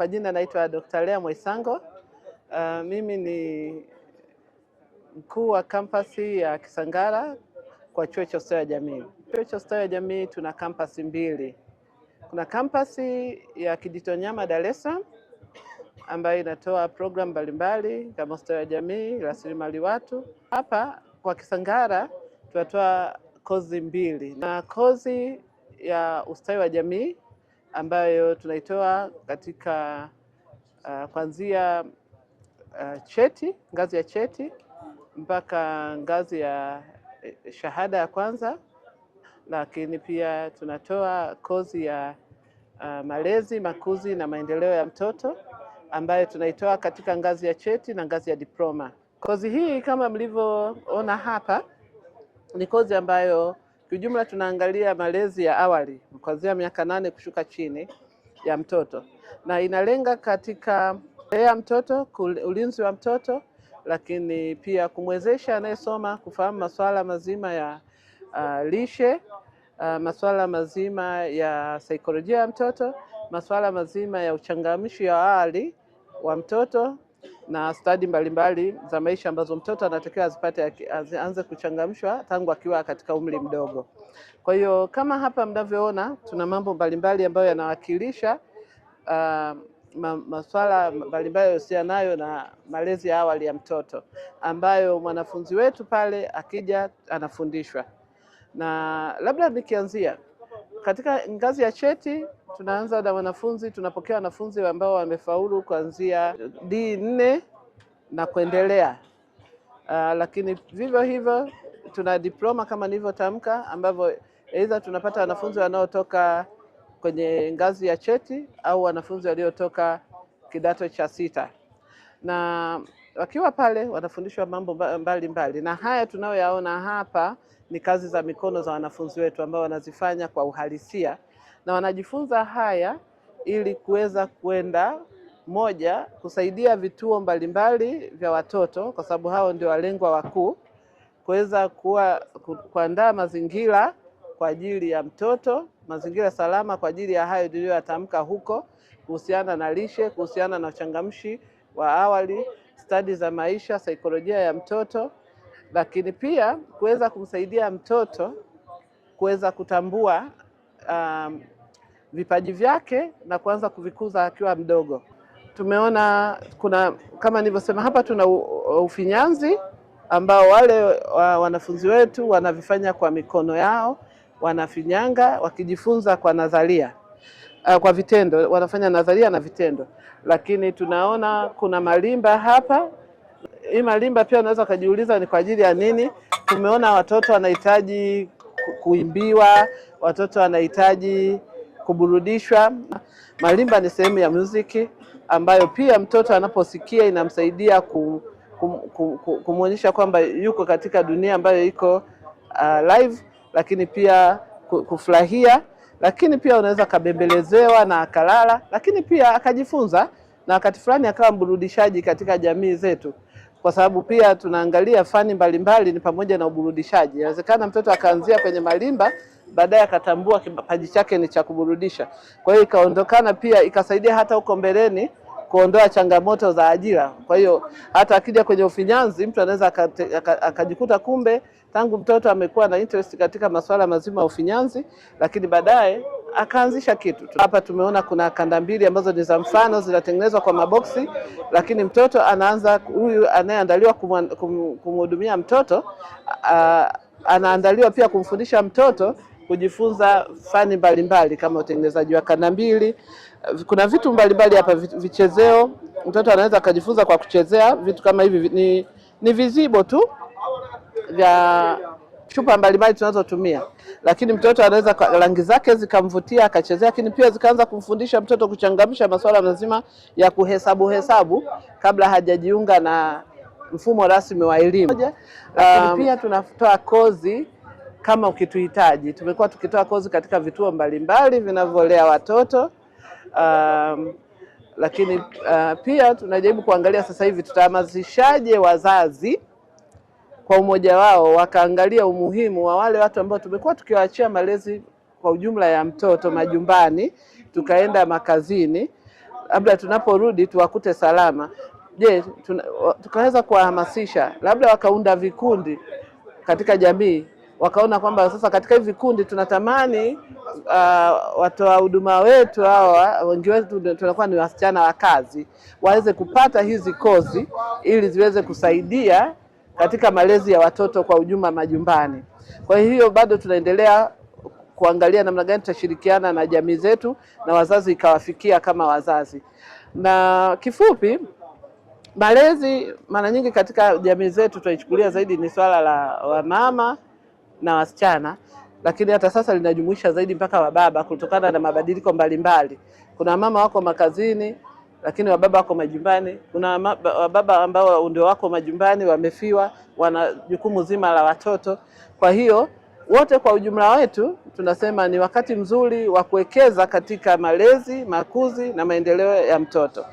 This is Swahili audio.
Kwa jina naitwa Dr. Lea Mwaisango. Uh, mimi ni mkuu wa kampasi ya Kisangara kwa chuo cha ustawi wa jamii. Chuo cha ustawi wa jamii tuna kampasi mbili. Kuna kampasi ya Kijitonyama Dar es Salaam ambayo inatoa programu mbalimbali kama ustawi wa jamii, rasilimali watu. Hapa kwa Kisangara tunatoa kozi mbili na kozi ya ustawi wa jamii ambayo tunaitoa katika uh, kuanzia uh, cheti ngazi ya cheti mpaka ngazi ya eh, shahada ya kwanza, lakini pia tunatoa kozi ya uh, malezi, makuzi na maendeleo ya mtoto ambayo tunaitoa katika ngazi ya cheti na ngazi ya diploma. Kozi hii kama mlivyoona hapa ni kozi ambayo Kiujumla tunaangalia malezi ya awali kuanzia miaka nane kushuka chini ya mtoto, na inalenga katika kulea mtoto, ulinzi wa mtoto, lakini pia kumwezesha anayesoma kufahamu masuala mazima ya uh, lishe uh, masuala mazima ya saikolojia ya mtoto, masuala mazima ya uchangamshi wa awali wa mtoto na stadi mbalimbali za maisha ambazo mtoto anatakiwa azipate aanze kuchangamshwa tangu akiwa katika umri mdogo. Kwa hiyo kama hapa mnavyoona, tuna mambo mbalimbali ambayo yanawakilisha uh, masuala mbalimbali yahusianayo na malezi ya awali ya mtoto ambayo mwanafunzi wetu pale akija anafundishwa, na labda nikianzia katika ngazi ya cheti Tunaanza na wanafunzi, tunapokea wanafunzi ambao wamefaulu kuanzia D4 na kuendelea. Uh, lakini vivyo hivyo tuna diploma kama nilivyotamka, ambavyo aidha tunapata wanafunzi wanaotoka kwenye ngazi ya cheti au wanafunzi waliotoka kidato cha sita, na wakiwa pale wanafundishwa mambo mbalimbali mbali. Na haya tunayoyaona hapa ni kazi za mikono za wanafunzi wetu ambao wanazifanya kwa uhalisia na wanajifunza haya ili kuweza kwenda moja, kusaidia vituo mbalimbali vya watoto, kwa sababu hao ndio walengwa wakuu, kuweza kuwa kuandaa mazingira kwa ajili ya mtoto, mazingira salama kwa ajili ya hayo niliyoyatamka huko, kuhusiana na lishe, kuhusiana na uchangamshi wa awali, stadi za maisha, saikolojia ya mtoto, lakini pia kuweza kumsaidia mtoto kuweza kutambua um, vipaji vyake na kuanza kuvikuza akiwa mdogo. Tumeona kuna kama nilivyosema hapa, tuna ufinyanzi ambao wale wanafunzi wetu wanavifanya kwa mikono yao, wanafinyanga wakijifunza kwa nadharia uh, kwa vitendo, wanafanya nadharia na vitendo. Lakini tunaona kuna malimba hapa. Hii malimba pia unaweza ukajiuliza ni kwa ajili ya nini. Tumeona watoto wanahitaji kuimbiwa watoto wanahitaji kuburudishwa. Marimba ni sehemu ya muziki ambayo pia mtoto anaposikia inamsaidia kumwonyesha kwamba yuko katika dunia ambayo iko uh, live, lakini pia kufurahia, lakini pia unaweza akabembelezewa na akalala, lakini pia akajifunza na wakati fulani akawa mburudishaji katika jamii zetu kwa sababu pia tunaangalia fani mbalimbali ni pamoja na uburudishaji. Inawezekana mtoto akaanzia kwenye malimba, baadaye akatambua kipaji chake ni cha kuburudisha, kwa hiyo ikaondokana pia, ikasaidia hata huko mbeleni kuondoa changamoto za ajira. Kwa hiyo hata akija kwenye ufinyanzi mtu anaweza akajikuta kumbe tangu mtoto amekuwa na interest katika masuala mazima ya ufinyanzi, lakini baadaye akaanzisha kitu. Hapa tumeona kuna kanda mbili ambazo ni za mfano zinatengenezwa kwa maboksi, lakini mtoto anaanza, huyu anayeandaliwa kumhudumia mtoto a, anaandaliwa pia kumfundisha mtoto kujifunza fani mbalimbali kama utengenezaji wa kanda mbili. Kuna vitu mbalimbali hapa, vichezeo, mtoto anaweza akajifunza kwa kuchezea vitu kama hivi. Ni, ni vizibo tu vya chupa mbalimbali tunazotumia, lakini mtoto anaweza rangi zake zikamvutia akachezea, lakini pia zikaanza kumfundisha mtoto kuchangamsha masuala mazima ya kuhesabu hesabu kabla hajajiunga na mfumo rasmi wa elimu. Um, pia tunatoa kozi kama ukituhitaji. Tumekuwa tukitoa kozi katika vituo mbalimbali vinavyolea watoto um, lakini uh, pia tunajaribu kuangalia sasa hivi tutahamasishaje wazazi kwa umoja wao wakaangalia umuhimu wa wale watu ambao tumekuwa tukiwaachia malezi kwa ujumla ya mtoto majumbani, tukaenda makazini, labda tunaporudi tuwakute salama. Je, tukaweza kuwahamasisha labda wakaunda vikundi katika jamii wakaona kwamba sasa katika hivi vikundi tunatamani uh, watoa huduma wetu hawa wengi wetu tunakuwa ni wasichana wa kazi waweze kupata hizi kozi ili ziweze kusaidia katika malezi ya watoto kwa ujumla majumbani. Kwa hiyo bado tunaendelea kuangalia namna gani tutashirikiana na jamii zetu na wazazi ikawafikia kama wazazi. Na kifupi, malezi mara nyingi katika jamii zetu tunaichukulia zaidi ni swala la wamama na wasichana, lakini hata sasa linajumuisha zaidi mpaka wababa kutokana na mabadiliko mbalimbali. Kuna mama wako makazini, lakini wababa wako majumbani. Kuna wababa ambao ndio wako majumbani wamefiwa, wana jukumu zima la watoto. Kwa hiyo wote kwa ujumla wetu tunasema ni wakati mzuri wa kuwekeza katika malezi, makuzi na maendeleo ya mtoto.